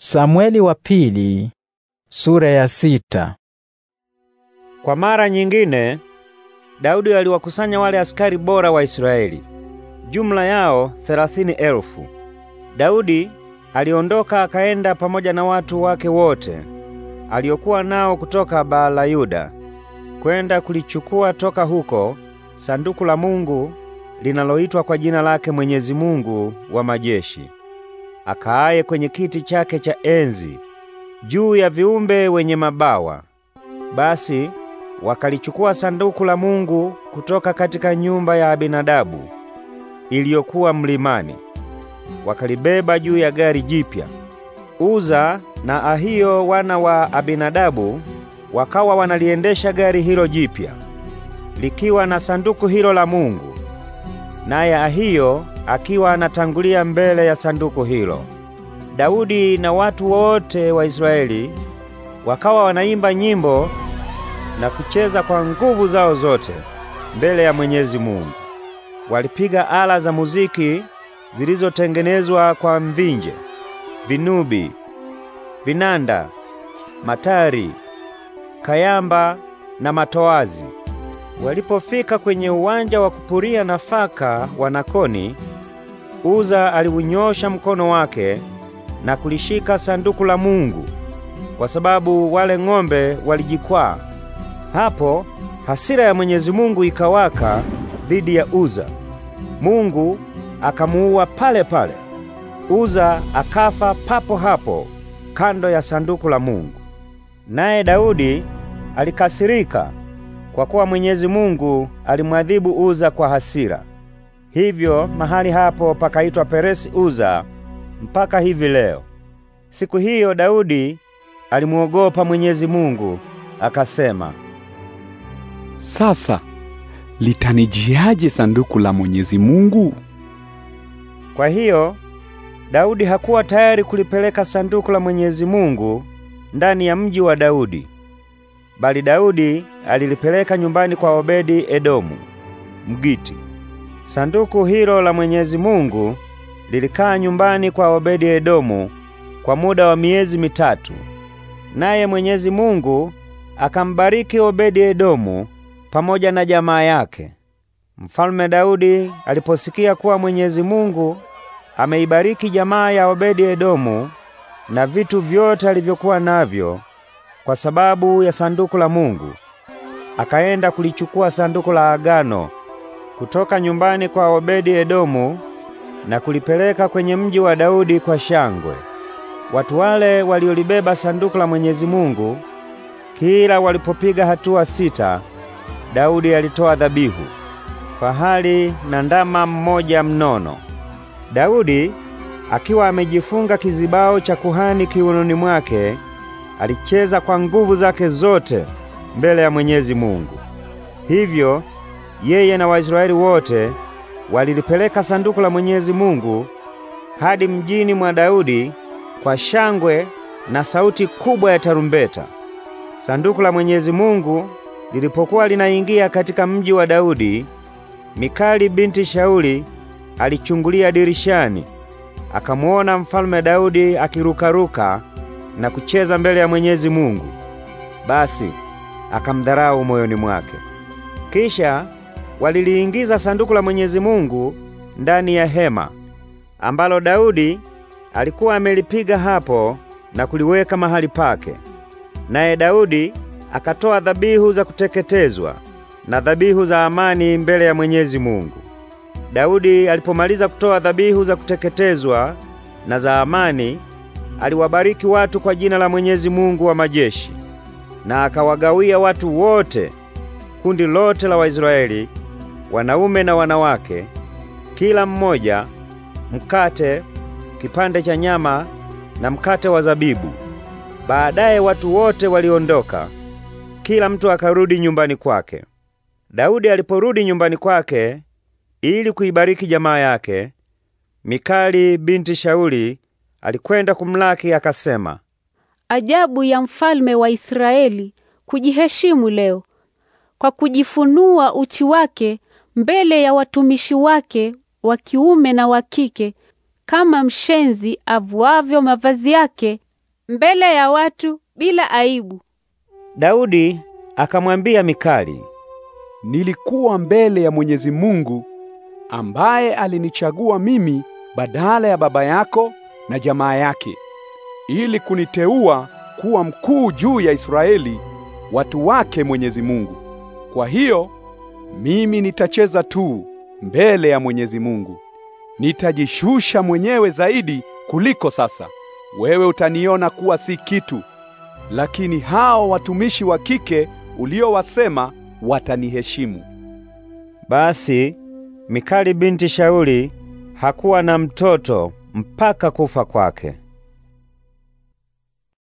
Samweli wa pili, sura ya sita. Kwa mara nyingine Daudi aliwakusanya wale askari bora wa Israeli, jumla yao thelathini elfu. Daudi aliondoka akaenda pamoja na watu wake wote aliokuwa nao kutoka Baala Yuda kwenda kulichukua toka huko sanduku la Mungu linaloitwa kwa jina lake Mwenyezi Mungu wa majeshi akaaye kwenye kiti chake cha enzi juu ya viumbe wenye mabawa. Basi wakalichukua sanduku la Mungu kutoka katika nyumba ya binadabu iliyokuwa mlimani, wakalibeba juu ya gari jipya. Uza na Ahio wana wa Abinadabu wakawa wanaliendesha gari hilo jipya likiwa na sanduku hilo la Mungu naye Ahiyo akiwa anatangulia mbele ya sanduku hilo. Daudi na watu wote wa Israeli wakawa wanaimba nyimbo na kucheza kwa nguvu zao zote mbele ya Mwenyezi Mungu. Walipiga ala za muziki zilizotengenezwa kwa mvinje, vinubi, vinanda, matari, kayamba na matoazi. Walipofika kwenye uwanja wa kupuria nafaka wa Nakoni, Uza aliunyosha mkono wake na kulishika sanduku la Mungu kwa sababu wale ng'ombe walijikwaa. Hapo hasira ya Mwenyezi Mungu ikawaka dhidi ya Uza. Mungu akamuua pale pale. Uza akafa papo hapo kando ya sanduku la Mungu. Naye Daudi alikasirika kwa kuwa Mwenyezi Mungu alimwadhibu Uza kwa hasira. Hivyo mahali hapo pakaitwa Peresi Uza mpaka hivi leo. Siku hiyo Daudi alimuogopa Mwenyezi Mungu akasema, sasa litanijiaje sanduku la Mwenyezi Mungu? Kwa hiyo Daudi hakuwa tayari kulipeleka sanduku la Mwenyezi Mungu ndani ya mji wa Daudi bali Daudi alilipeleka nyumbani kwa Obedi Edomu Mgiti. Sanduku hilo la Mwenyezi Mungu lilikaa nyumbani kwa Obedi Edomu kwa muda wa miezi mitatu, naye Mwenyezi Mungu akambariki Obedi Edomu pamoja na jamaa yake. Mfalme Daudi aliposikia kuwa Mwenyezi Mungu ameibariki jamaa ya Obedi Edomu na vitu vyote alivyokuwa navyo, kwa sababu ya sanduku la Mungu. Akaenda kulichukua sanduku la agano kutoka nyumbani kwa Obedi Edomu na kulipeleka kwenye mji wa Daudi kwa shangwe. Watu wale waliolibeba sanduku la Mwenyezi Mungu, kila walipopiga hatua sita, Daudi alitoa dhabihu fahali na ndama mmoja mnono. Daudi akiwa amejifunga kizibao cha kuhani kiunoni mwake alicheza kwa nguvu zake zote mbele ya Mwenyezi Mungu. Hivyo yeye na Waisraeli wote walilipeleka sanduku la Mwenyezi Mungu hadi mjini mwa Daudi kwa shangwe na sauti kubwa ya tarumbeta. Sanduku la Mwenyezi Mungu lilipokuwa linaingia katika mji wa Daudi, Mikali binti Shauli alichungulia dirishani, akamuona Mfalme Daudi akirukaruka na kucheza mbele ya Mwenyezi Mungu, basi akamdharau moyoni mwake. Kisha waliliingiza sanduku la Mwenyezi Mungu ndani ya hema ambalo Daudi alikuwa amelipiga hapo na kuliweka mahali pake. Naye Daudi akatoa dhabihu za kuteketezwa na dhabihu za amani mbele ya Mwenyezi Mungu. Daudi alipomaliza kutoa dhabihu za kuteketezwa na za amani, aliwabariki watu kwa jina la Mwenyezi Mungu wa majeshi, na akawagawia watu wote, kundi lote la Waisraeli, wanaume na wanawake, kila mmoja mkate, kipande cha nyama na mkate wa zabibu. Baadaye watu wote waliondoka, kila mtu akarudi nyumbani kwake. Daudi aliporudi nyumbani kwake ili kuibariki jamaa yake, Mikali binti Shauli alikwenda kumlaki akasema, ajabu ya mfalme wa Israeli kujiheshimu leo kwa kujifunua uchi wake mbele ya watumishi wake wa kiume na wa kike, kama mshenzi avuavyo mavazi yake mbele ya watu bila aibu. Daudi akamwambia Mikali, nilikuwa mbele ya Mwenyezi Mungu ambaye alinichagua mimi badala ya baba yako na jamaa yake ili kuniteua kuwa mkuu juu ya Israeli, watu wake Mwenyezi Mungu. Kwa hiyo mimi nitacheza tu mbele ya Mwenyezi Mungu, nitajishusha mwenyewe zaidi kuliko sasa. Wewe utaniona kuwa si kitu, lakini hao watumishi wa kike uliowasema wataniheshimu. Basi Mikali binti Shauli hakuwa na mtoto mpaka kufa kwake.